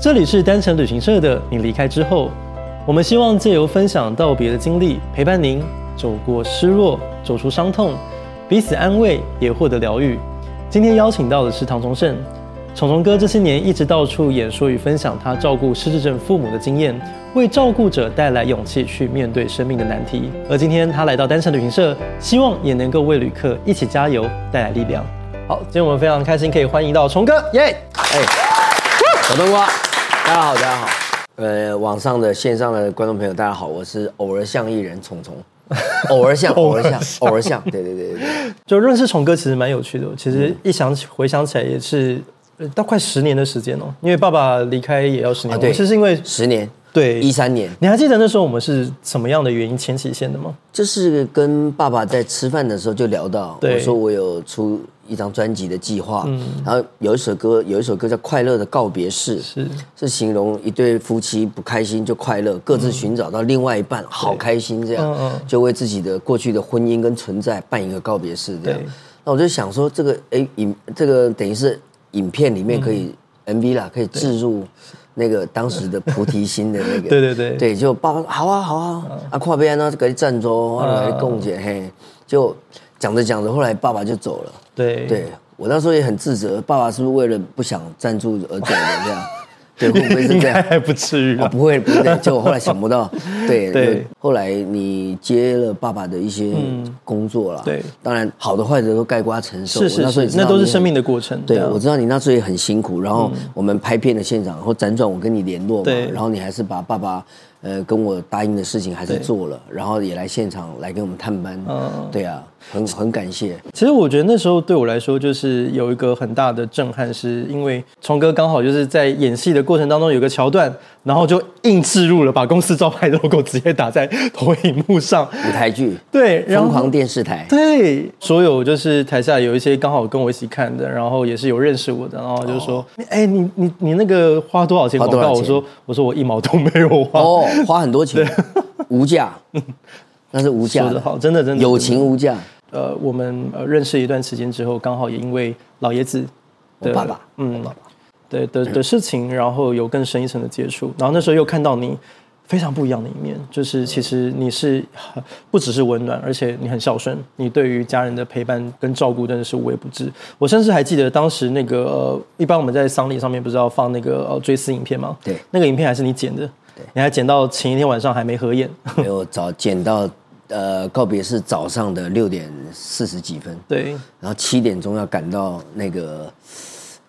這裡是單程旅行社的。你離開之後，我們希望借由分享道別的經歷，陪伴您走過失落，走出傷痛，彼此安慰，也獲得療癒。今天邀請到的是唐從聖，從從哥這些年一直到處演說與分享他照顧失智症父母的經驗，為照顧者帶來勇氣去面對生命的難題。而今天他來到單程旅行社，希望也能夠為旅客一起加油，帶來力量。好，今天我們非常開心可以歡迎到從哥，耶、yeah! hey！哎，小冬瓜。大家好，大家好，呃，網上的、線上的觀眾朋友，大家好，我是偶爾像藝人從從， 偶爾像、偶爾像、 偶爾爾像， 像，對對對，對，就認識從哥其實蠻有趣的，其實一想起、回想起來也是、呃、到快十年的時間哦、喔，因為爸爸離開也要十年，啊、對，實是因為十年，對，一三年，你還記得那時候我們是什麼樣的原因牽起線的嗎？就是跟爸爸在吃飯的時候就聊到，對我說我有出。一張專輯的計劃、嗯，然後有一首歌，有一首歌叫《快樂的告別式》，是是形容一對夫妻不開心就快樂，嗯、各自尋找到另外一半，嗯、好開心這樣，就為自己的過去的婚姻跟存在辦一個告別式。這樣，那我就想說，這個哎影這個等於是影片裡面可以 MV 啦、嗯，可以置入那個當時的菩提心的那個，對 對，對對，對，就爸爸好啊好啊，好啊跨邊呢可以站着，啊，住啊來共解，嘿，就講着講着，後來爸爸就走了。對，對我那時候也很自責，爸爸是不是為了不想贊助而走的這樣？ 對，會不會是這樣？還不至於啊，不會不會。 對，就果後來想不到，對，對後來你接了爸爸的一些工作了，嗯。對，當然好的壞的都概括承受是是，是那時候也知道，那都是生命的過程。對，啊對啊，我知道你那時候也很辛苦。然後我們拍片的現場，然後輾轉我跟你聯絡嘛。然後你還是把爸爸呃跟我答應的事情還是做了，然後也來現場來給我們探班。嗯，對啊。很很感謝。其實我覺得那時候對我來說，就是有一個很大的震撼，是因為從哥剛好就是在演戲的過程當中，有個橋段，然後就硬刺入了，把公司招牌 logo 直接打在投影幕上。舞台劇對，瘋狂電視台對，所有就是台下有一些剛好跟我一起看的，然後也是有認識我的，然後就說：“哎、哦，欸，你你你那個花多少錢廣告錢？”我說：“我說我一毛都沒有花。”哦，花很多錢，無價。 那是無價的。的好，真的，真的，友情無價。呃，我們呃認識一段時間之後，剛好也因為老爺子的，我爸爸，嗯爸爸，對的的事情，然後有更深一層的接觸、嗯。然後那時候又看到你非常不一樣的一面，就是其實你是不只是溫暖，而且你很孝順，你對於家人的陪伴跟照顧真的是無微不至。我甚至還記得當時那個，呃、一般我們在喪禮上面不是要放那個追思影片嗎？對，那個影片還是你剪的，對，你還剪到前一天晚上還沒合眼，沒有找，早剪到。呃，告別是早上的六點四十幾分，對，然後七點鐘要趕到那個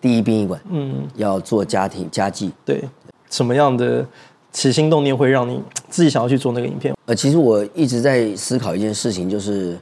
第一殯儀館，嗯，要做家庭家祭，對，什麼樣的起心動念會讓你自己想要去做那個影片？呃，其實我一直在思考一件事情，就是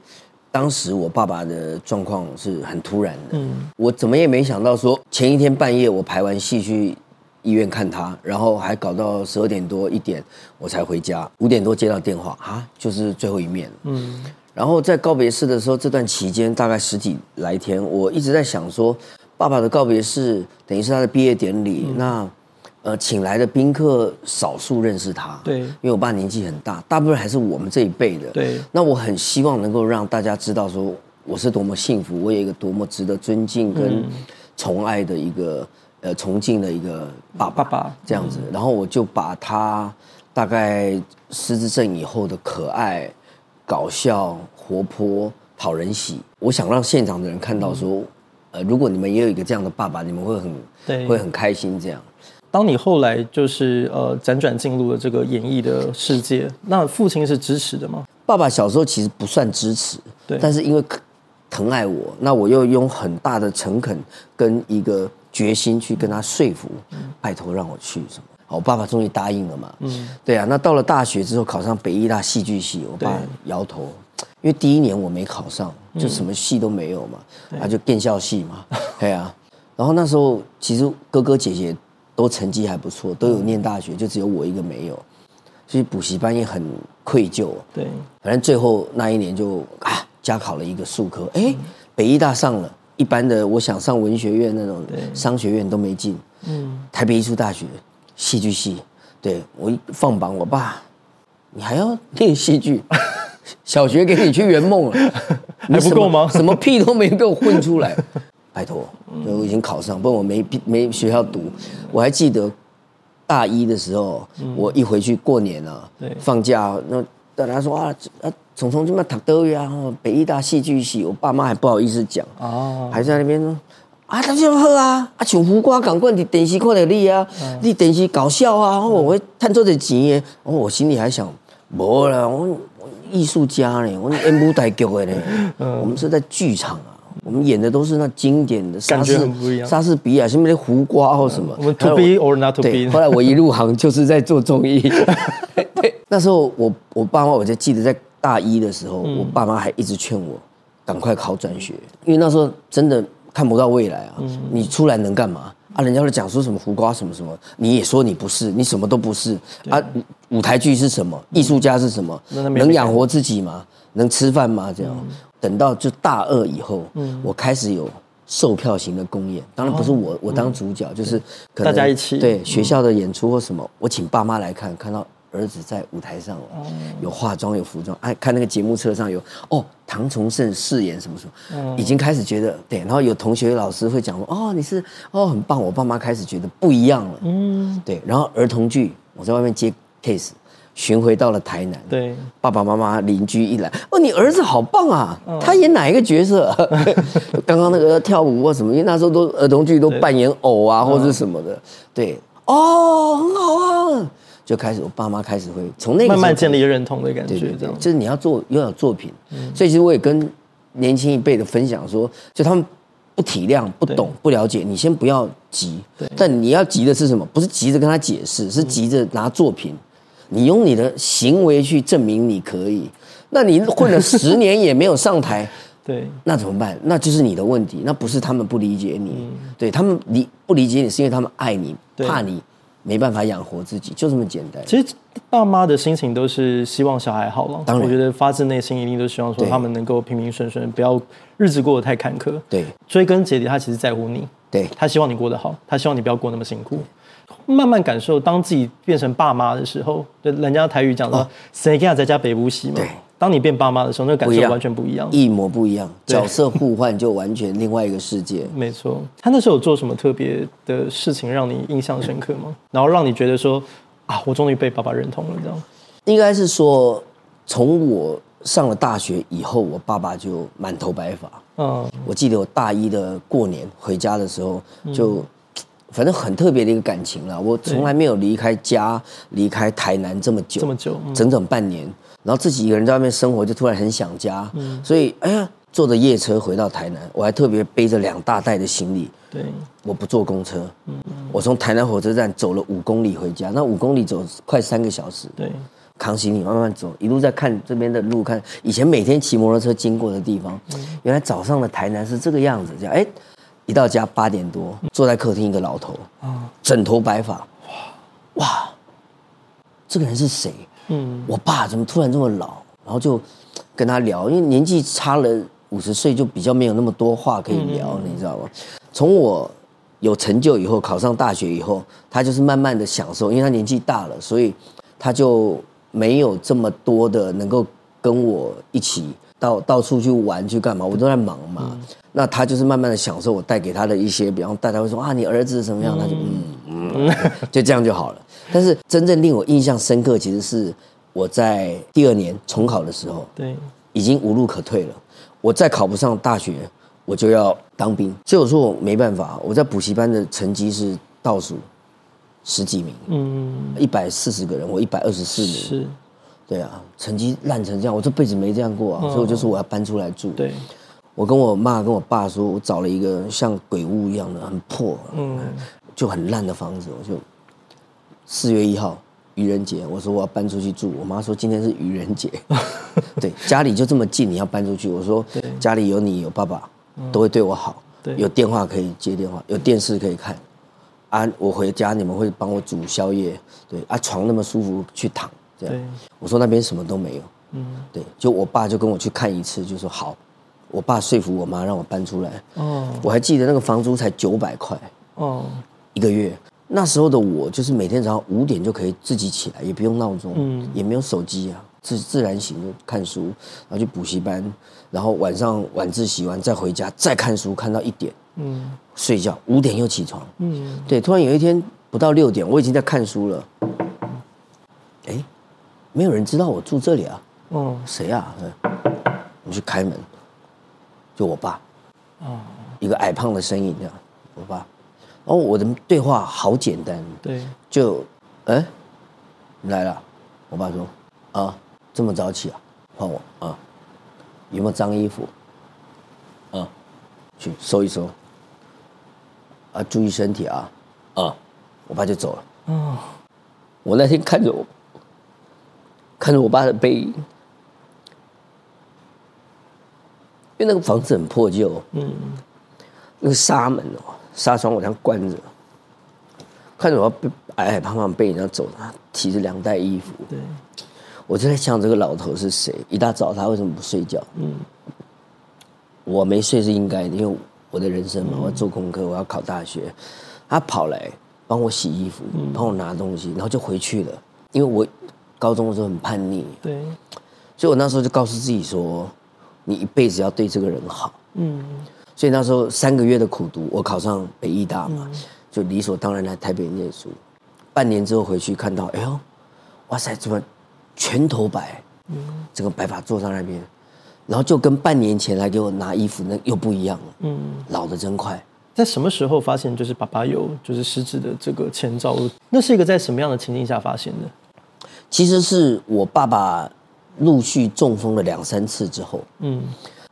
當時我爸爸的狀況是很突然的，嗯，我怎麼也沒想到說，前一天半夜我排完戲去醫院看他，然後還搞到十二點多一點，我才回家。五點多接到電話，啊，就是最後一面。嗯，然後在告別式的時候，這段期間大概十幾來天，我一直在想說，爸爸的告別式等於是他的畢業典禮。嗯、那呃，請來的賓客少數認識他，對，因為我爸年紀很大，大部分還是我們這一輩的。對，那我很希望能夠讓大家知道說，我是多麼幸福，我有一個多麼值得尊敬跟寵愛的一個。呃，崇敬的一個爸爸，爸，爸這樣子。嗯，然後我就把他大概失智症以後的可愛、搞笑、活潑、討人喜，我想讓現場的人看到說，嗯、呃，如果你們也有一個這樣的爸爸，你們會很對，會很開心。這樣，當你後來就是呃輾轉，轉進入了這個演藝的世界，那父親是支持的嗎？爸爸小時候其實不算支持，對，但是因為疼愛我，那我又用很大的誠懇跟一個。決心去跟他說服，拜託讓我去什麼好，我爸爸終於答應了嘛。嗯、對啊，那到了大學之後，考上北藝大戲劇系，我爸搖頭，因為第一年我沒考上，嗯、就什麼戲都沒有嘛，他、嗯啊、就電校戲嘛。對， 對啊，然後那時候其實哥哥姐姐都成績還不錯，都有念大學，嗯、就只有我一個沒有，所以補習班也很愧疚、啊。對，反正最後那一年就啊加考了一個術科，哎、嗯，北藝大上了。一般的，我想上文學院那種商學院都沒進。嗯，台北藝術大學戲劇系，對，我一放榜，我爸，你還要練戲劇？ 小學給你去圓夢了你，還不夠嗎？什麼屁都沒給我混出來， 拜托！我已經考上，不過我沒沒學校讀。我還記得大一的時候，嗯、我一回去過年了、啊，放假那。等他說啊，從聰去嘛讀大學啊，從從啊哦、北藝大戲劇系。我爸媽還不好意思講、啊，還在那邊說啊，他就好啊，啊，去胡瓜港觀的電視看得你啊，啊，你電視搞笑啊，我賺到的錢，我錢、哦、我心裡還想，無啦，我藝術家呢，我，我演舞台劇的咧、嗯，我們是在劇場啊，我們演的都是那經典的莎士、啊、莎士比亞什麼的胡瓜或什麼。啊啊、我們 to be or not to be。後來我一入行就是在做綜藝。 那時候我我爸媽，我就記得在大一的時候，嗯、我爸媽還一直勸我趕快考轉學，因為那時候真的看不到未來啊！嗯、你出來能幹嘛？啊，人家會講說什麼胡瓜什麼什麼，你也說你不是，你什麼都不是啊！舞台劇是什麼？嗯、藝術家是什麼？嗯、能養活自己嗎？嗯、能吃飯嗎？這樣、嗯，等到就大二以後、嗯，我開始有售票型的公演，當然不是我、哦、我當主角，嗯、就是可能大家一起對學校的演出或什麼，嗯、我請爸媽來看，看到。兒子在舞台上有化妝，有服裝，哎、啊，看那個節目冊上有哦，唐從聖飾演什麼什麼、嗯，已經開始覺得對，然後有同學老師會講說哦，你是哦很棒，我爸媽開始覺得不一樣了，嗯，對，然後兒童劇，我在外面接 case 巡迴到了台南，對，爸爸媽媽鄰居一來哦，你兒子好棒啊，他演哪一個角色、啊？剛、嗯、剛 那個跳舞啊什麼，因為那時候都兒童劇都扮演偶啊或者什麼的、嗯，對，哦，很好啊。就開始，我爸媽開始會從那個慢慢建立認同的感覺，就是你要做擁有作品，所以其實我也跟年輕一輩的分享說，就他們不體諒、不懂、不了解，你先不要急，但你要急的是什麼？不是急着跟他解釋，是急着拿作品。你用你的行為去證明你可以。那你混了十年也沒有上台，對，那怎麼辦？那就是你的問題，那不是他們不理解你，對他們理不理解你是因為他們愛你，怕你。沒辦法養活自己，就這麼簡單。其實爸媽的心情都是希望小孩好了。當然，我覺得發自內心一定都希望說他們能夠平平順順，不要日子過得太坎坷。對，追根結底，他其實在乎你。對，他希望你過得好，他希望你不要過那麼辛苦。慢慢感受，當自己變成爸媽的時候，就人家台語講的，生囝、哦、才知爸母恩。」嘛。對當你變爸媽的時候，那個感覺完全不一樣，一模不一樣，角色互換就完全另外一個世界。 沒錯，他那時候有做什麼特別的事情讓你印象深刻嗎？然後讓你覺得說啊，我終於被爸爸認同了，這樣。應該是說，從我上了大學以後，我爸爸就滿頭白髮。嗯，我記得我大一的過年回家的時候就。反正很特別的一個感情了，我從來沒有離開家、離開台南這麼久，這麼久、嗯，整整半年，然後自己一個人在外面生活，就突然很想家，嗯、所以哎呀，坐着夜車回到台南，我還特別背着兩大袋的行李，對，我不坐公車，嗯，我從台南火車站走了五公里回家，那五公里走快三個小時，對，扛行李慢慢走，一路在看這邊的路，看以前每天騎摩托車經過的地方、嗯，原來早上的台南是這個樣子，這樣哎。欸一到家八點多、嗯，坐在客廳一個老頭啊、哦，整頭白髮哇哇，這個人是誰？嗯，我爸怎麼突然這麼老？然後就跟他聊，因為年紀差了五十歲，就比較沒有那麼多話可以聊，嗯嗯嗯你知道嗎？從我有成就以後，考上大學以後，他就是慢慢的享受，因為他年紀大了，所以他就沒有這麼多的能夠跟我一起到到處去玩去幹嘛，我都在忙嘛。嗯那他就是慢慢的享受我帶給他的一些，比方大家會說啊，你兒子是怎麼樣？他就嗯嗯，嗯，就這樣就好了。但是真正令我印象深刻，其實是我在第二年重考的時候，對，已經無路可退了。我再考不上大學，我就要當兵。所以我說我沒辦法，我在補習班的成績是倒數十幾名，嗯，一百四十個人，我一百二十四名，是，對啊，成績爛成這樣，我這輩子沒這樣過啊。所以我就說我要搬出來住，對。我跟我媽跟我爸說，我找了一個像鬼屋一樣的很破，啊，就很爛的房子。我就四月一號愚人節，我說我要搬出去住。我媽說今天是愚人節，對，家裡就這麼近，你要搬出去。我說家裡有你有爸爸都會對我好，有電話可以接電話，有電視可以看。啊，我回家你們會幫我煮宵夜，對啊，床那麼舒服去躺。對，我說那邊什麼都沒有，嗯，對，就我爸就跟我去看一次，就說好。我爸說服我媽讓我搬出來。哦,我還記得那個房租才九百塊。哦，一個月那時候的我，就是每天早上五點就可以自己起來，也不用鬧鐘，嗯，也沒有手機啊，自自然醒的看書，然後去補習班，然後晚上晚自習完再回家，再看書看到一點，嗯，睡覺五點又起床，嗯，對。突然有一天不到六點，我已經在看書了。哎、嗯，沒有人知道我住這裡啊？哦，誰啊？我去開門。就我爸，啊、嗯，一個矮胖的身影，這樣我爸，哦，我的對話好簡單，對，就，哎、欸，你來了，我爸說，啊，這麼早起啊，換我啊，有沒有髒衣服？啊，去收一收啊，注意身體啊，啊，我爸就走了，啊、嗯，我那天看着我，看着我爸的背影。因為那個房子很破舊，嗯，那個紗門哦，紗窗我這樣關着，看着我要被矮矮胖胖被人家走，他提着兩袋衣服，對，我就在想這個老頭是誰？一大早他為什麼不睡覺？嗯，我沒睡是應該的，因為我的人生嘛，我要做功課，嗯、我要考大學。他跑來幫我洗衣服，嗯，幫我拿東西，然後就回去了。因為我高中的時候很叛逆，對，所以我那時候就告訴自己說，你一輩子要對這個人好，嗯，所以那時候三個月的苦讀，我考上北藝大嘛，嗯，就理所當然來台北念書。半年之後回去看到，哎呦，哇塞，怎麼全頭白？嗯，這個白髮坐在那邊，然後就跟半年前來給我拿衣服那又不一樣了。嗯，老得真快。在什麼時候發現就是爸爸有就是失智的這個前兆？那是一個在什麼樣的情境下發現的？其實是我爸爸。陸續中風了兩三次之後，嗯，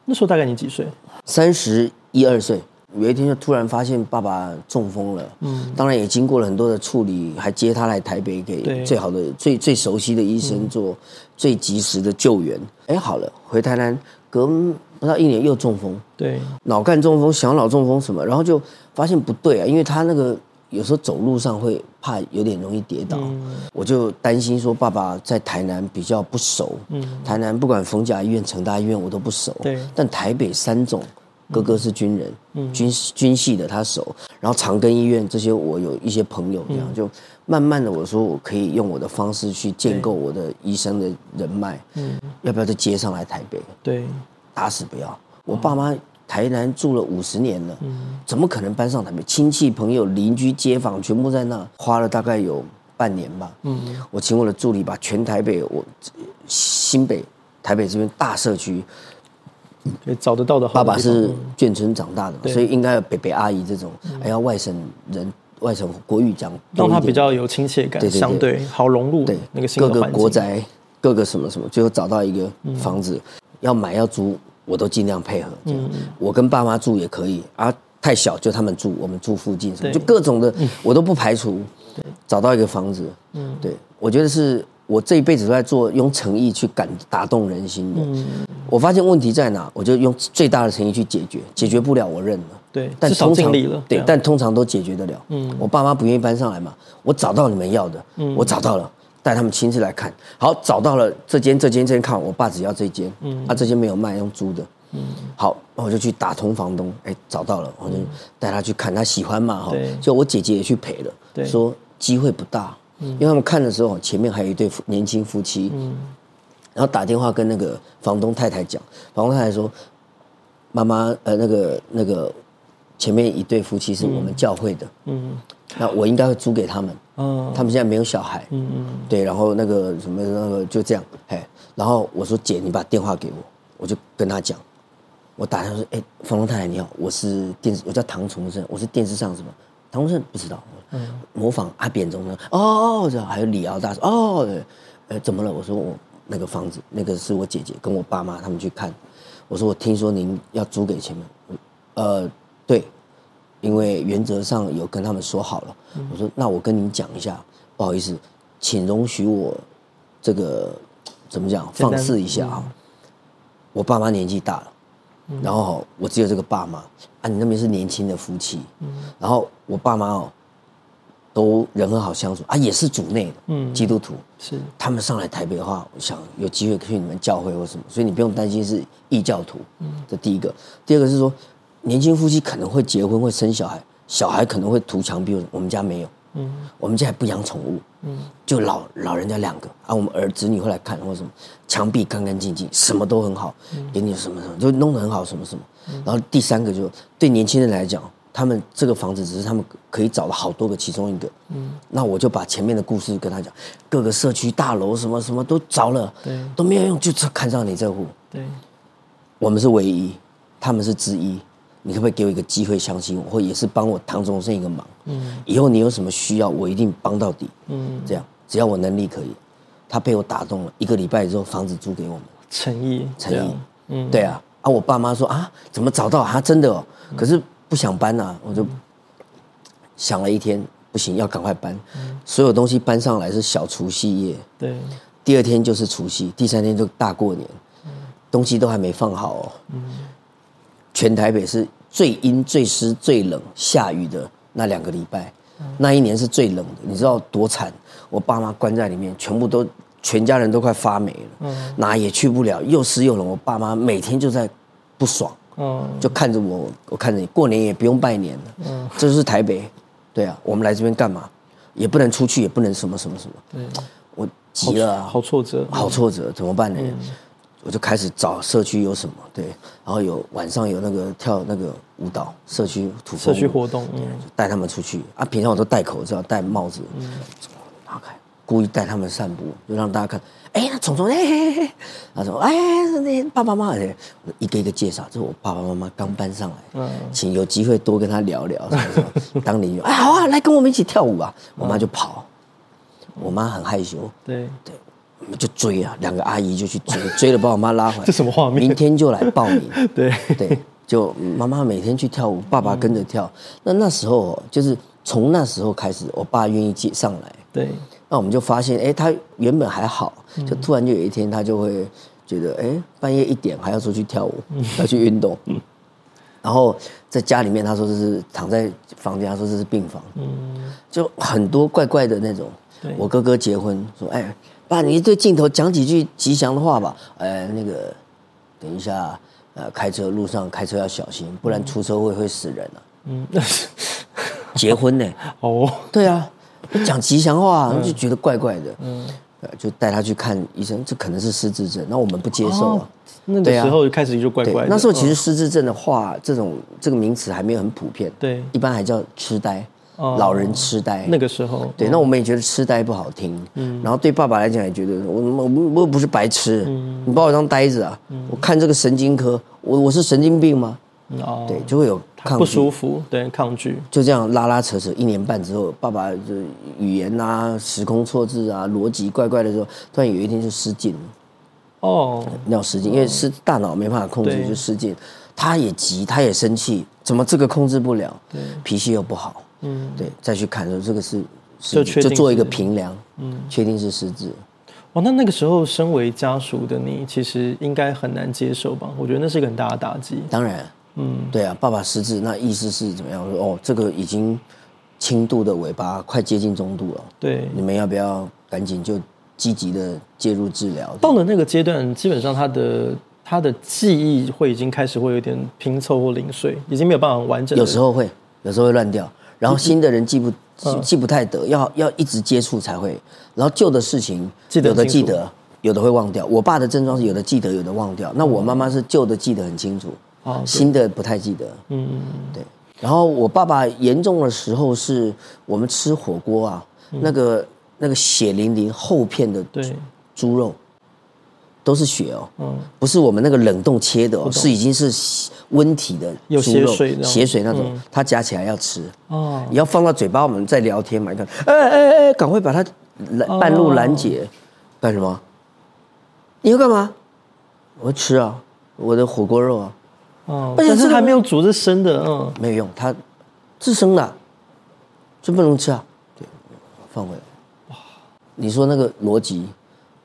那時候大概你幾歲？三十一二歲，有一天就突然發現爸爸中風了，嗯，當然也經過了很多的處理，還接他來台北給最好的、最最熟悉的醫生做最及時的救援。哎、嗯欸，好了，回台南隔不到一年又中風，對，腦幹中風、小腦中風什麼，然後就發現不對啊，因為他那個。有時候走路上會怕有點容易跌倒，嗯，我就擔心說，爸爸在台南比較不熟，嗯，台南不管逢甲醫院、成大醫院我都不熟對，但台北三總，哥哥是軍人，嗯，軍軍系的他熟，然後長庚醫院這些我有一些朋友，這樣，嗯，就慢慢的我說我可以用我的方式去建構我的醫生的人脈，嗯，要不要再接上來台北？對，打死不要，嗯，我爸媽。台南住了五十年了，嗯，怎麼可能搬上台北？親戚、朋友、鄰居、街坊全部在那，花了大概有半年吧。嗯、我請我的助理把全台北、我新北、台北這邊大社區，可、嗯、以找得到的，好的。爸爸是眷村長大的，所以應該北北阿姨這種，還、哎、要外省人，外省國語講，讓他比較有親切感，對對對相對、嗯、好融入。對，那個新各個國宅，各個什麼什麼，最後找到一個房子、嗯、要買要租。我都盡量配合嗯嗯，我跟爸媽住也可以啊，太小就他們住，我們住附近什麼就各種的、嗯，我都不排除找到一個房子。嗯、對我覺得是我這一輩子都在做，用誠意去感打動人心的、嗯。我發現問題在哪，我就用最大的誠意去解決，解決不了我認了。對，至少盡力了對。對，但通常都解決得了。嗯、我爸媽不願意搬上來嘛，我找到你們要的，嗯、我找到了。帶他們親自來看，好，找到了這間這間這間，這間看我爸只要這間，嗯，啊這間沒有賣，用租的，嗯，好，我就去打通房東，哎，找到了，我就帶他去看，他喜歡嘛哈，就、哦、我姐姐也去陪了，對，說機會不大，嗯、因為他們看的時候前面還有一對年輕夫妻、嗯，然後打電話跟那個房東太太講，房東太太說，媽媽，呃，那個那個。前面一對夫妻是我們教會的，嗯，嗯，那我應該會租給他們，嗯、哦，他們現在沒有小孩，嗯嗯，對，然後那個什麼那個就這樣，哎，然後我說姐，你把電話給我，我就跟他講，我打電話說，哎、欸，房東太太你好，我是電視，我叫唐從聖，我是電視上什麼，唐從聖不知道，嗯、哎，模仿阿扁中的哦哦，知道，還有李敖大師，哦，呃、欸，怎麼了？我說我那個房子，那個是我姐姐跟我爸媽他們去看，我說我聽說您要租給前面，呃。因為原則上有跟他們說好了，嗯、我說，那我跟你講一下，不好意思，請容許我這個怎麼講放肆一下哈、哦嗯。我爸媽年紀大了，嗯、然後、哦、我只有這個爸媽啊。你那邊是年輕的夫妻，嗯、然後我爸媽哦都人很好相處啊，也是主內的，嗯，基督徒，是他們上來台北的話，我想有機會去你們教會或什麼，所以你不用擔心是異教徒，嗯、這第一個，第二個是說。年輕夫妻可能會結婚，會生小孩，小孩可能會塗牆壁。我們家沒有，嗯、我們家不養寵物，嗯、就老老人家兩個啊。我們兒子女會來看或什麼，牆壁乾乾淨淨，什麼都很好、嗯。給你什麼什麼，就弄得很好，什麼什麼。嗯、然後第三個就對年輕人來講，他們這個房子只是他們可以找了好多個其中一個、嗯，那我就把前面的故事跟他講，各個社區大樓什麼什麼都找了，對，都沒有用，就看上你這戶，對，我們是唯一，他們是之一。你可不可以給我一個機會，相信我，或也是幫我唐從聖一個忙、嗯？以後你有什麼需要，我一定幫到底。嗯，這樣只要我能力可以，他被我打動了，一個禮拜之後，房子租給我們，誠意，誠意。嗯，對啊，啊，我爸媽說啊，怎麼找到啊？啊真的哦、喔嗯，可是不想搬啊。我就想了一天，嗯、不行，要趕快搬、嗯。所有東西搬上來是小除夕夜，對，第二天就是除夕，第三天就大過年，嗯、東西都還沒放好、喔。哦、嗯。全台北是最陰、最濕、最冷、下雨的那兩個禮拜，嗯，那一年是最冷的。你知道多慘？我爸媽關在裡面，全部都全家人都快發霉了，嗯，哪也去不了，又濕又冷。我爸媽每天就在不爽，嗯，就看着我，我看着你。過年也不用拜年了，嗯，這就是台北。對啊，我們來這邊幹嘛？也不能出去，也不能什麼什麼什麼。對我急了，啊，好挫折，好挫折，嗯嗯，怎麼辦呢？嗯我就開始找社區有什麼，對，然後有晚上有那個跳那個舞蹈，社區土社區活動，嗯，帶他們出去啊。平常我都戴口罩戴帽子，嗯，拿開，故意帶他們散步，就讓大家看，哎，蟲蟲，哎，他說，哎，那爸爸媽媽，我一個一個介紹，這是我爸爸媽媽剛搬上來，嗯、請有機會多跟他聊聊，嗯、當年居，哎，好啊，來跟我們一起跳舞啊！嗯。我媽就跑，我媽很害羞，對對。就追啊，兩個阿姨就去追，追了把我媽拉回來。這什麼畫面？明天就來報名。 對對，就媽媽每天去跳舞，爸爸跟着跳。嗯、那那時候就是從那時候開始，我爸願意接上來。對、嗯。那我們就發現，哎、欸，他原本還好，就突然就有一天，他就會覺得，哎、欸，半夜一點還要出去跳舞，嗯、要去運動、嗯。然後在家裡面，他說這是躺在房間，他說這是病房。嗯。就很多怪怪的那種。嗯、對。我哥哥結婚，說哎。爸、啊，你對鏡頭講幾句吉祥的話吧。呃、欸，那個，等一下，呃，開車路上開車要小心，不然出車會、嗯、會死人了、啊。嗯，結婚呢？哦，對啊，講吉祥話、嗯，就覺得怪怪的。嗯，啊、就帶他去看醫生，這可能是失智症。那我們不接受啊。哦、那個時候開始就怪怪的、啊。那時候其實失智症的話，哦、這種這個名詞還沒有很普遍。對，一般還叫癡呆。Oh, 老人痴呆，那個時候，對、哦，那我們也覺得痴呆不好聽，嗯，然後對爸爸來講也覺得我我我不是白痴、嗯，你把我當呆子啊、嗯？我看這個神經科，我我是神經病嗎、嗯嗯？哦，對，就會有抗拒不舒服，對，抗拒，就這樣拉拉扯扯一年半之後，爸爸就語言啊，時空錯置啊，邏輯怪怪的時候，突然有一天就失禁了，哦，尿、嗯、失禁，哦、因為是大腦沒辦法控制就失禁，他也急，他也生氣，怎麼這個控制不了？對，脾氣又不好。嗯，對，再去看的時候，這個是失智，就是就做一個評量，嗯，確定是失智。哇、哦，那那個時候身為家屬的你，其實應該很難接受吧？我覺得那是一個很大的打擊。當然，嗯，對啊，爸爸失智，那意思是怎麼樣？說、嗯、哦，這個已經輕度的尾巴快接近中度了。對，你們要不要趕緊就積極的介入治療？到了那個階段，基本上他的他的記憶會已經開始會有點拼湊或零碎，已經沒有辦法完整。有時候會有時候會亂掉。然後新的人記不記不太得，嗯、要要一直接觸才會。然後舊的事情，記得有的記得，有的會忘掉。我爸的症狀是有的記得，有的忘掉。那我媽媽是舊的記得很清楚，嗯、新的不太記得。嗯、哦、嗯，對。然後我爸爸嚴重的時候是，我們吃火鍋啊，嗯、那個那個血淋淋厚片的對豬肉。都是血哦，嗯，不是我們那個冷凍切的哦，哦，是已經是溫體的豬肉有血水，血水那種、嗯，它夾起來要吃哦，你要放到嘴巴，我們在聊天嘛，你看，哎哎哎，趕快把它攔，半路攔截、哦，幹什麼？你要幹嘛？我吃啊，我的火鍋肉啊，哦，而且是還沒有煮，是生的嗯嗯，嗯，沒有用，它是生的、啊，就不能吃啊，對，放回來，哇，你說那個邏輯。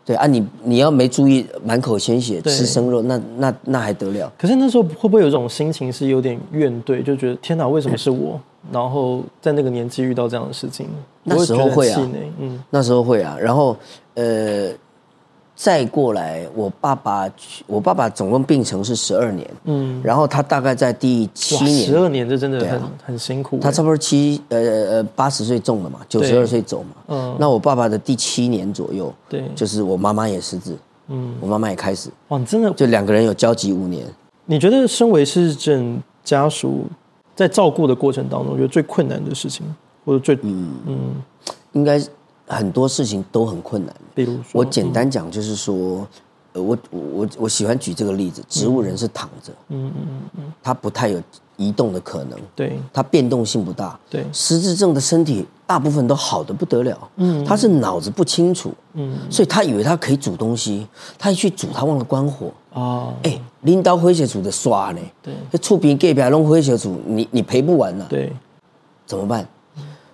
對啊，你你你要沒注意滿鮮，滿口鮮血，吃生肉，那那那還得了？可是那時候會不會有一種心情是有點怨懟，就覺得天哪，為什麼是我？然後在那個年紀遇到這樣的事情，那時候會啊，嗯、那時候會啊。然後呃。再過來，我爸爸，我爸爸總共病程是十二年，嗯，然後他大概在第七年，十二年這真的很、啊、很辛苦。他差不多七呃呃八十歲中了嘛，九十二歲走嘛，嗯，那我爸爸的第七年左右，對，就是我媽媽也失智，嗯，我媽媽也開始，哇，你真的就兩個人有交集五年。你覺得身為失智症家屬在照顧的過程當中，覺得最困難的事情，或者最嗯嗯，應該很多事情都很困難。比如說，我簡單講，就是說，呃、嗯，我我我喜歡舉這個例子：植物人是躺着，嗯嗯嗯，嗯，他不太有移動的可能，對，他變動性不大，對。失智症的身體大部分都好得不得了，嗯，他是腦子不清楚，嗯，所以他以為他可以煮東西，他一去煮，他忘了關火，嗯欸、哦，哎，拎刀回血煮的刷呢，對，觸屏給不龍弄灰水煮，你你賠不完了、啊，對，怎麼辦？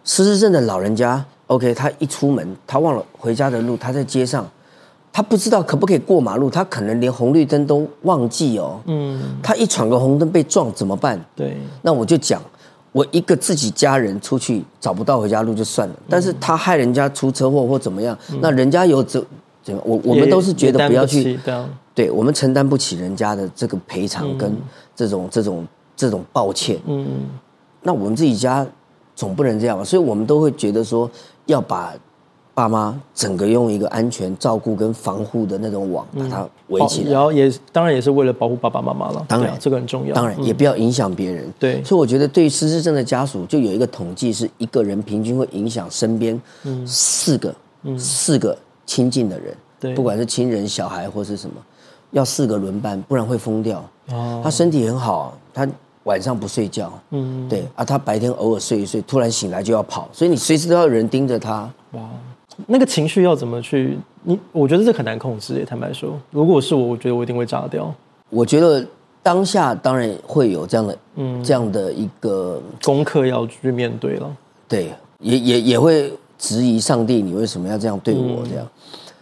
失智症的老人家。OK，他一出門，他忘了回家的路，他在街上，他不知道可不可以過馬路，他可能連紅綠燈都忘記哦。嗯，他一闖個紅燈被撞怎麼辦？對，那我就講，我一個自己家人出去找不到回家路就算了，嗯、但是他害人家出車禍或怎麼樣，嗯、那人家有怎麼我我們都是覺得不要去，對，啊、對，我們承擔不起人家的這個賠償跟這種、嗯、這種這種，這種抱歉。嗯，那我們自己家總不能這樣吧，所以我們都會覺得說。要把爸媽整個用一個安全、照顧跟防護的那種網把它圍起來，嗯嗯哦、然後也當然也是為了保護爸爸媽媽了。當然，這個很重要。當然，也不要影響別人。嗯、對，所以我覺得，對於失智症的家屬，就有一個統計，是一個人平均會影響身邊四個、嗯、四個親近的人。對、嗯，不管是親人、小孩或是什麼，要四個輪班，不然會瘋掉。哦，他身體很好，他。晚上不睡覺，嗯，對啊，他白天偶爾睡一睡，突然醒來就要跑，所以你隨時都要有人盯着他。哇，那個情緒要怎麼去？你我覺得這很難控制。坦白說，如果是我，我覺得我一定會炸掉。我覺得當下當然會有這樣的，嗯，這樣的一個功課要去面對了。對，也也也會質疑上帝，你為什麼要這樣對我，嗯？這樣，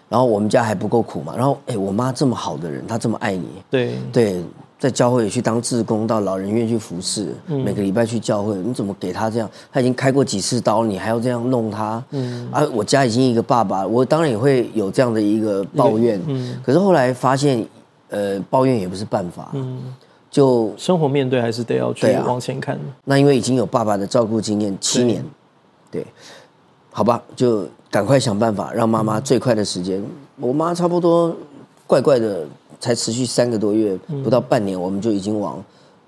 然後我們家還不夠苦嘛？然後，哎，欸，我媽這麼好的人，她這麼愛你，對對。在教會去當志工，到老人院去服侍，每個禮拜去教會、嗯。你怎麼給他這樣？他已經開過幾次刀，你還要這樣弄他？嗯、啊，我家已經一個爸爸，我當然也會有這樣的一個抱怨。嗯、可是後來發現，呃，抱怨也不是辦法。嗯、就生活面對還是得要去往前看。對啊。那因為已經有爸爸的照顧經驗七年對，對，好吧，就趕快想辦法讓媽媽最快的時間。嗯、我媽差不多怪怪的。才持續三個多月，不到半年，我們就已經往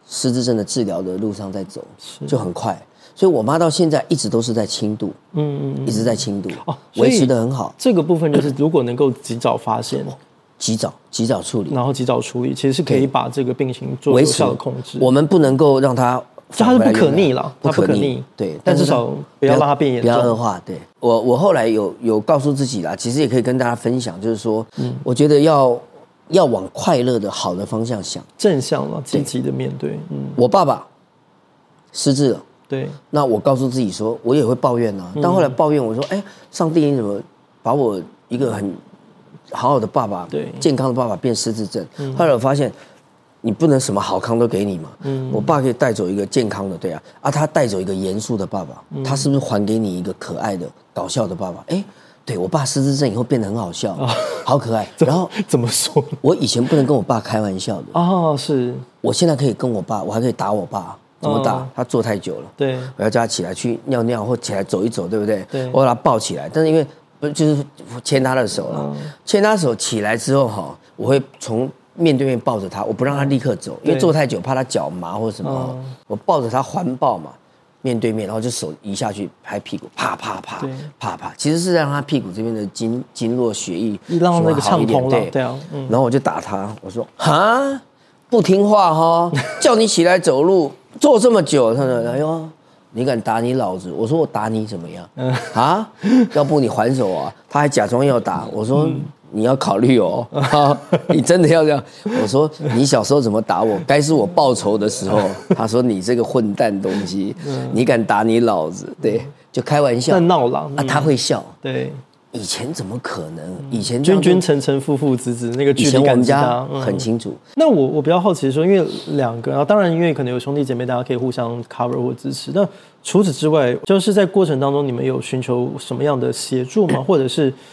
失智症的治療的路上在走。嗯，就很快。所以我媽到現在一直都是在輕度，嗯，一直在輕度哦。啊，維持得很好。這個部分就是，如果能夠及早發現、嗯，及早及早處理，然後及早處理，其實是可以把這個病情做有效控制。我們不能夠讓它，它是不可逆了，它不可逆，對。但至少不要拉它也不要惡化。對我，我後來有有告訴自己啦，其實也可以跟大家分享，就是說，嗯，我覺得要。要往快樂的、好的方向想，正向積極的面對，對、嗯。我爸爸失智了，對。那我告訴自己說，我也會抱怨啊。嗯、但後來抱怨，我說：“哎，上帝，你怎麼把我一個很好好的爸爸，對健康的爸爸變失智症？”後、嗯、來我發現，你不能什麼好康都給你嘛、嗯。我爸可以帶走一個健康的，對啊。啊，他帶走一個嚴肅的爸爸，嗯、他是不是還給你一個可愛的、嗯、搞笑的爸爸？哎。對，我爸失智症以後變得很好笑，哦、好可愛。然後怎麼說？我以前不能跟我爸開玩笑的哦，是，我現在可以跟我爸，我還可以打我爸。怎麼打、哦？他坐太久了，對，我要叫他起來去尿尿，或起來走一走，對不對？對，我把他抱起來，但是因為就是牽他的手了、哦。牽他手起來之後哈，我會從面對面抱着他，我不讓他立刻走，哦、因為坐太久，怕他腳麻或什麼。哦、我抱着他環抱嘛。面對面，然後就手移下去拍屁股，啪啪啪，啪啪,啪，其實是讓他屁股這邊的經經絡、血液讓那個暢通了。對,對、啊嗯，然後我就打他，我說：“啊，不聽話哈，叫你起來走路， 坐這麼久。”他說：“哎呦，你敢打你老子？”我說：“我打你怎麼樣？ 啊？要不你還手啊？”他還假裝要打，我說。嗯嗯你要考慮哦、 啊，你真的要這樣？我說你小時候怎麼打我，該是我報仇的時候。他說你這個混蛋東西，你敢打你老子？嗯、對，就開玩笑那鬧啦，啊、嗯，他會笑。對，以前怎麼可能？以前君君臣臣父父子子那個距離感我家很清楚。嗯、那我我比較好奇說，因為兩個，然當然因為可能有兄弟姐妹，大家可以互相 cover 或支持。那除此之外，就是在過程當中，你們有尋求什麼樣的協助嗎？或者是？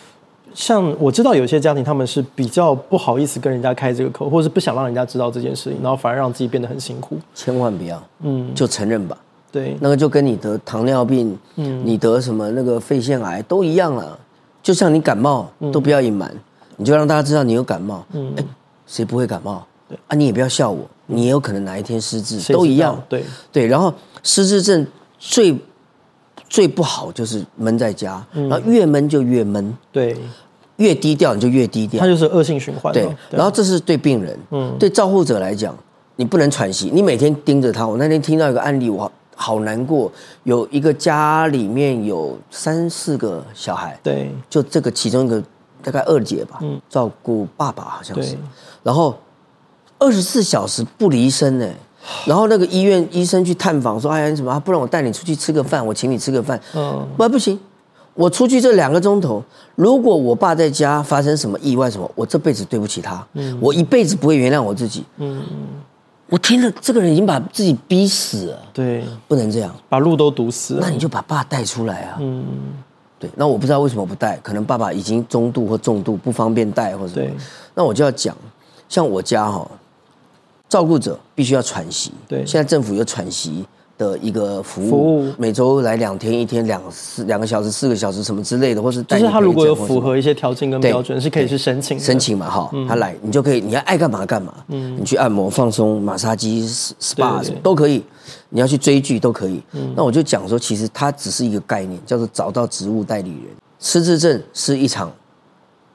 像我知道有些家庭他們是比較不好意思跟人家開這個口，或者是不想讓人家知道這件事情，然後反而讓自己變得很辛苦。千萬不要，嗯，就承認吧。對，那個就跟你得糖尿病，嗯，你得什麼那個肺腺癌都一樣了。就像你感冒，嗯，都不要隱瞞，你就讓大家知道你有感冒。嗯，誰不會感冒？對啊，你也不要笑我，嗯，你也有可能哪一天失智，都一樣。對對，然後失智症最最不好就是悶在家，嗯，然後越悶就越悶。對。越低調你就越低調，它就是惡性循環。哦對。對，然後這是對病人，嗯，對照護者來講，你不能喘息，你每天盯着他。我那天聽到一個案例，我好難過。有一個家裡面有三四個小孩，對，就這個其中一個大概二姐吧，嗯、照顧爸爸好像是，然後二十四小時不離身哎，然後那個醫院醫生去探訪說，哎呀，你怎麼不讓我帶你出去吃個飯，我請你吃個飯，嗯，我不，不行。我出去這兩個鐘頭，如果我爸在家發生什麼意外，什麼，我這輩子對不起他。嗯，我一輩子不會原諒我自己。嗯，我聽了，這個人已經把自己逼死了。對，不能這樣，把路都堵死了。那你就把爸帶出來啊。嗯，對。那我不知道為什麼不帶，可能爸爸已經中度或重度不方便帶或者什麼。對。那我就要講，像我家哈、哦，照顧者必須要喘息。對，現在政府有喘息。的一個服務，服務，每周來兩天，一天兩四兩個小時，四個小時什麼之類的，或是就是他如果有符合一些條件跟標準，是可以去申請的申請嘛哈、嗯，他來你就可以，你要愛幹嘛幹嘛，嗯，你去按摩放鬆、馬殺雞、spa 都可以，你要去追劇都可以、嗯。那我就講說，其實他只是一個概念，叫做找到職務代理人，失智症是一場，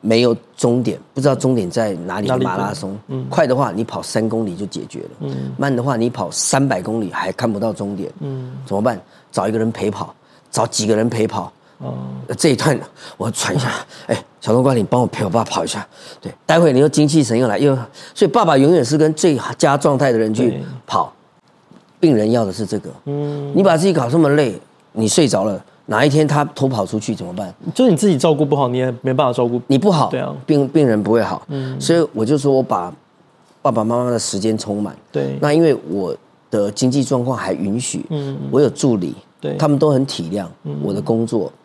沒有終點，不知道終點在哪裡的馬拉松，嗯、快的話你跑三公里就解決了、嗯，慢的話你跑三百公里還看不到終點、嗯，怎麼辦？找一個人陪跑，找幾個人陪跑，嗯、這一段我喘一下，哎、小冬瓜，你幫我陪我爸跑一下，對，待會你又精氣神又來，又所以爸爸永遠是跟最佳狀態的人去跑，病人要的是這個、嗯，你把自己搞這麼累，你睡着了。哪一天他偷跑出去怎麼辦？就是你自己照顧不好，你也沒辦法照顧你不好，對啊、病病人不會好。嗯，所以我就說我把爸爸媽媽的時間充滿。對，那因為我的經濟狀況還允許，嗯，嗯，我有助理，對他們都很體諒。嗯，我的工作、嗯、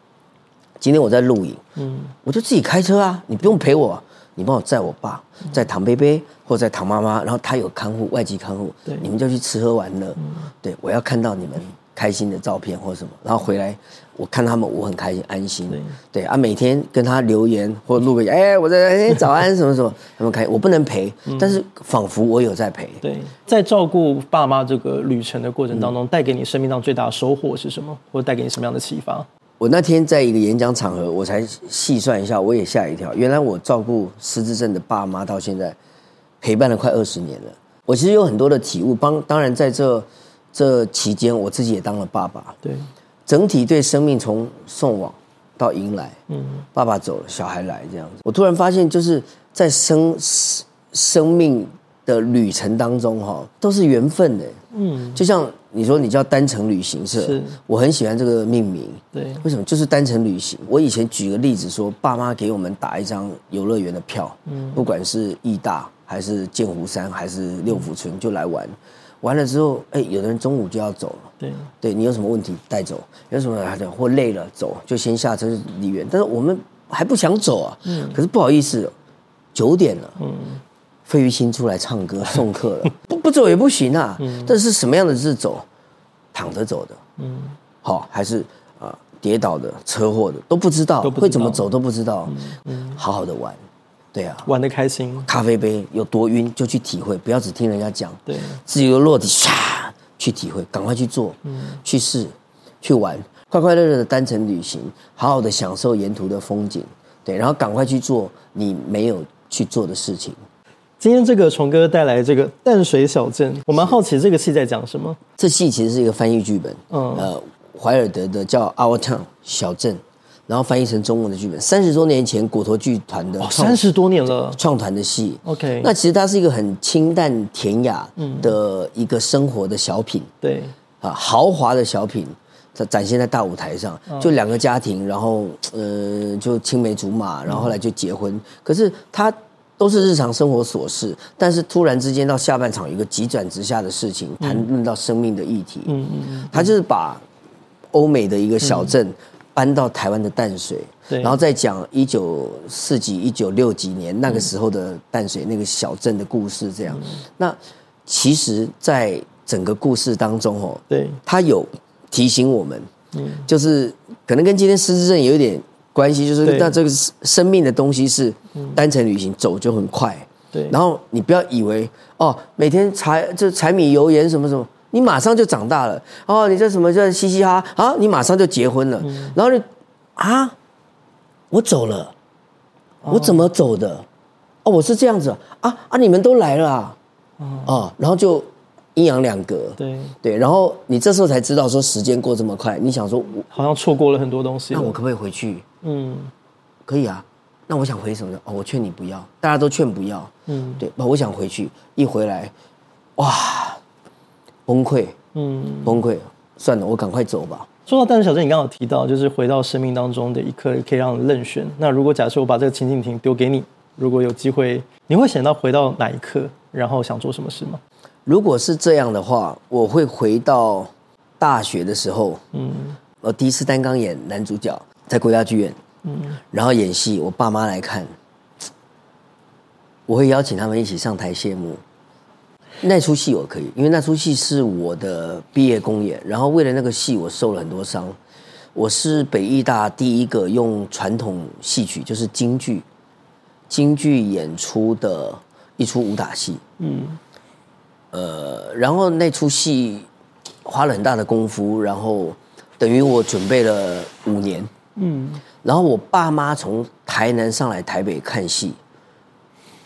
今天我在錄影，嗯，我就自己開車啊，你不用陪我，你幫我載我爸、嗯、載唐貝貝或載唐媽媽，然後他有看護外籍看護，對，你們就去吃喝玩樂、嗯。對我要看到你們開心的照片或什麼，然後回來。我看他們，我很開心，安心。對,對啊，每天跟他留言或錄個音，哎、嗯欸，我在，哎，早安，什麼什麼， 他們開心。我不能陪，但是仿佛我有在陪、嗯。對，在照顧爸媽這個旅程的過程當中，嗯、帶給你生命上最大的收穫是什麼，或帶給你什麼樣的啟發？我那天在一個演講場合，我才細算一下，我也嚇一跳。原來我照顧失智症的爸媽到現在陪伴了快二十年了。我其實有很多的體悟。幫當然在這這期間，我自己也當了爸爸。對。整體對生命從送往到迎來，嗯，爸爸走了，小孩來這樣子。我突然發現，就是在生生命的旅程當中，哈，都是緣分的。嗯，就像你說，你叫單程旅行社，是，我很喜歡這個命名。對，為什麼就是單程旅行？我以前舉個例子說，爸媽給我們打一張遊樂園的票，嗯，不管是義大還是劍湖山還是六福村，就來玩。玩了之後，哎，有的人中午就要走了。對，對你有什麼問題帶走？有什麼、啊、或累了走，就先下車離遠。但是我們還不想走啊，嗯，可是不好意思，九點了，嗯，費玉清出來唱歌送客了， 不不走也不行啊。嗯、但是什麼樣的是走？躺着走的，嗯，好、哦、還是、呃、跌倒的、車禍的都不，都不知道，會怎麼走都不知道。嗯，好好的玩，對啊，玩的開心。咖啡杯有多暈就去體會，不要只聽人家講。對，自由落地唰。去體會，趕快去做、嗯，去試，去玩，快快樂樂的單程旅行，好好的享受沿途的風景，對，然後趕快去做你沒有去做的事情。今天這個從哥帶來這個淡水小鎮，我蠻好奇這個戲在講什麼？這戲其實是一個翻譯劇本，嗯、呃，懷爾德的叫《Our Town》小鎮。然後翻譯成中文的劇本，三十多年前果陀劇團的，哦，三十多年了，創團的戲，OK。那其實它是一個很清淡典雅的，一個生活的小品，對，啊，豪華的小品，展現在大舞台上，就兩個家庭，然後，呃，就青梅竹馬，然後後來就結婚，嗯、可是它都是日常生活瑣事，但是突然之間到下半場有一個急轉直下的事情，嗯、談論到生命的議題，嗯嗯嗯，它就是把歐美的一個小鎮。嗯搬到台灣的淡水，然後再講一九四幾一九六幾年那個時候的淡水、嗯、那個小鎮的故事，這樣、嗯。那其實，在整個故事當中，哦，對，他有提醒我們，嗯，就是可能跟今天失智症有一點關係、嗯，就是那這個生命的東西是單程旅行，走就很快，對、嗯。然後你不要以為哦，每天柴就柴米油鹽什麼什麼。你馬上就長大了哦，你這什麼叫嘻嘻哈、啊、你馬上就結婚了，嗯、然後你啊，我走了、哦，我怎麼走的？哦，我是這樣子啊啊，啊！你們都來了啊，哦哦、然後就陰陽兩隔，對對。然後你這時候才知道說時間過這麼快，你想說我好像錯過了很多東西，那我可不可以回去？嗯，可以啊。那我想回什麼呢？哦，我勸你不要，大家都勸不要。嗯，對。我想回去，一回來，哇！崩潰，嗯，崩潰，算了，我趕快走吧。說到淡水小鎮，你剛好提到，就是回到生命當中的一刻，可以讓人任選。那如果假設我把這個情景題丟給你，如果有機會，你會想到回到哪一刻，然後想做什麼事嗎？如果是這樣的話，我會回到大學的時候，嗯，我第一次擔綱演男主角，在國家劇院，嗯，然後演戲，我爸媽來看，我會邀請他們一起上台謝幕。那出戲我可以，因為那出戲是我的畢業公演，然後為了那個戲我受了很多傷。我是北藝大第一個用傳統戲曲，就是京劇，京劇演出的一出武打戲。嗯。呃，然後那出戲花了很大的功夫，然後等於我準備了五年。嗯。然後我爸媽從台南上來台北看戲，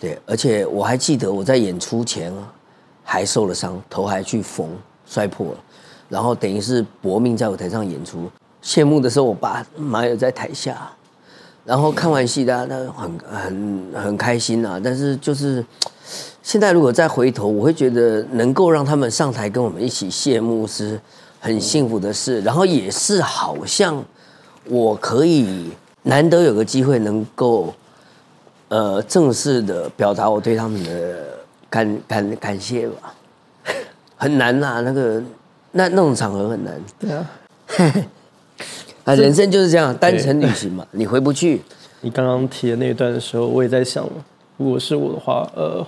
對，而且我還記得我在演出前還受了傷，頭還去縫，摔破了，然後等於是搏命在舞台上演出。謝幕的時候，我爸媽也在台下，然後看完戲，啊，大家都很很很開心啊。但是就是現在如果再回頭，我會覺得能夠讓他們上台跟我們一起謝幕是很幸福的事，然後也是好像我可以難得有個機會能夠呃正式的表達我對他們的。感感感謝吧，很難吶、啊，那個那那種場合很難。對啊，啊， 人生就是這樣，這單程旅行嘛、欸，你回不去。你剛剛提的那一段的時候，我也在想，如果是我的話，呃，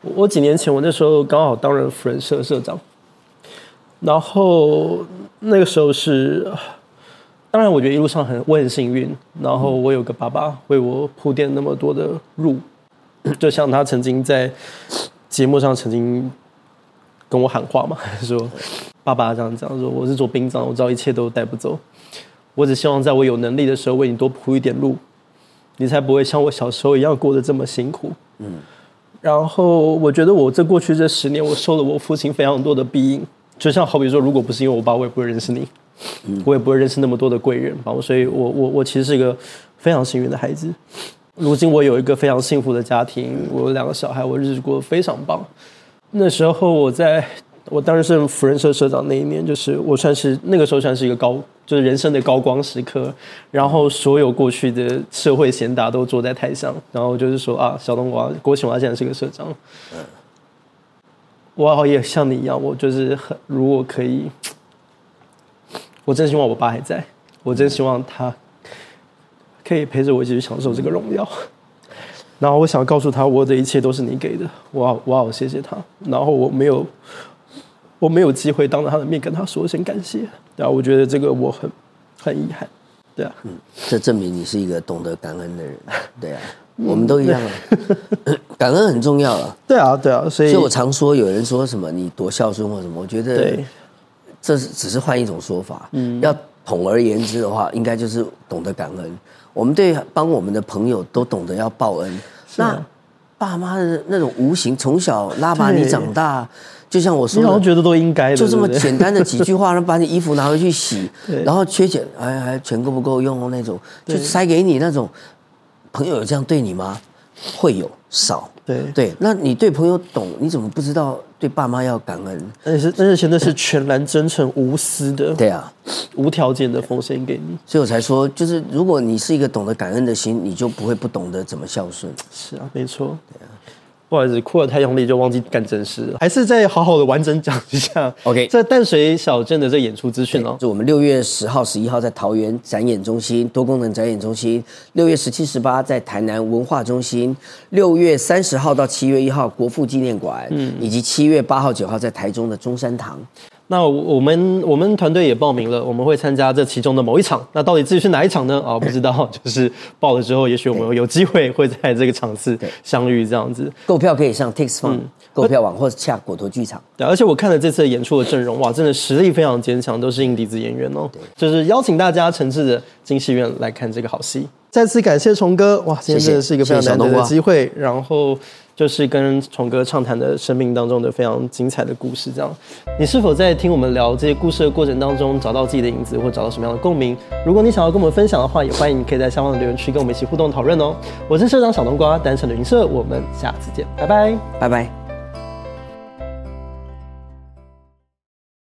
我幾年前，我那時候剛好當了扶輪社社長，然後那個時候是，當然我覺得一路上很，我很幸運，然後我有個爸爸為我鋪墊那麼多的路。就像他曾經在節目上曾經跟我喊話嘛，說爸爸這樣講說，我是做殯葬，我知道一切都帶不走，我只希望在我有能力的時候為你多鋪一點路，你才不會像我小時候一樣過得這麼辛苦。嗯，然後我覺得我這過去這十年，我受了我父親非常多的庇蔭，就像好比說，如果不是因為我爸，我也不會認識你，嗯、我也不會認識那麼多的貴人，吧。所以我我我其實是一個非常幸運的孩子。如今我有一個非常幸福的家庭，我有兩個小孩，我日子過得非常棒。那時候我在，我當時是福人社社長那一年，就是我算是那個時候算是一個高，就是人生的高光時刻。然後所有過去的社會賢達都坐在台上，然後就是說啊，小冬瓜，郭慶華現在是個社長，我哦也像你一樣，我就是很，如果可以，我真希望我爸還在，我真希望他。可以陪着我一起去享受這個榮耀，然後我想告訴他，我這一切都是你給的，我好我好謝謝他。然後我沒有，我沒有機會當着他的面跟他說一聲感謝，然後，我覺得這個我很很遺憾。對啊，嗯，這證明你是一個懂得感恩的人。對啊，我，我們都一樣了， 感恩很重要啊。對啊，對啊，所以，就我常說，有人說什麼你多孝順或什麼，我覺得這是只是換一種說法，嗯，要統而言之的話， 應該就是懂得感恩。我們對幫我們的朋友都懂得要報恩啊。那爸媽的那種無形，從小拉拔你長大，就像我說的，都覺得都應該。就這麼簡單的幾句話，然後 把你衣服拿回去洗，然後缺錢，哎，還，錢夠不夠用，哦，那種，就塞給你那種。朋友有這樣對你嗎？會有少，對對，那你對朋友懂，你怎麼不知道對爸媽要感恩？而且是真的是全然真誠無私的，對啊，無條件的奉獻給你，所以我才說，就是如果你是一個懂得感恩的心，你就不會不懂得怎麼孝順。是啊，沒錯。不好意思，哭得太用力就忘記幹正事了，還是再好好的完整講一下。OK，在淡水小鎮的這演出資訊哦，是我們六月十號、十一號在桃園展演中心多功能展演中心，六月十七、十八在台南文化中心，六月三十號到七月一號國父紀念館，嗯，以及七月八號、九號在台中的中山堂。那我們我們團隊也報名了，我們會參加這其中的某一場。那到底自己是哪一場呢？啊、哦，不知道， 就是報了之後，也許我們有機會會在這個場次相遇。這樣子，購票可以上 TixFun、嗯、購票網，或者洽果陀劇場、啊。對，而且我看了這次演出的陣容，哇，真的實力非常堅強，都是硬底子演員哦。就是邀請大家誠摯的進戲院來看這個好戲。再次感謝從哥，哇，今天真的是一個非常難得的機會。謝謝謝謝然後。就是跟從哥暢談的生命當中的非常精彩的故事，這樣。你是否在聽我們聊這些故事的過程當中，找到自己的影子，或者找到什麼樣的共鳴？如果你想要跟我們分享的話，也歡迎你可以在下方的留言區跟我們一起互動討論哦。我是社長小冬瓜，單程旅行社，我們下次見，拜拜，拜拜。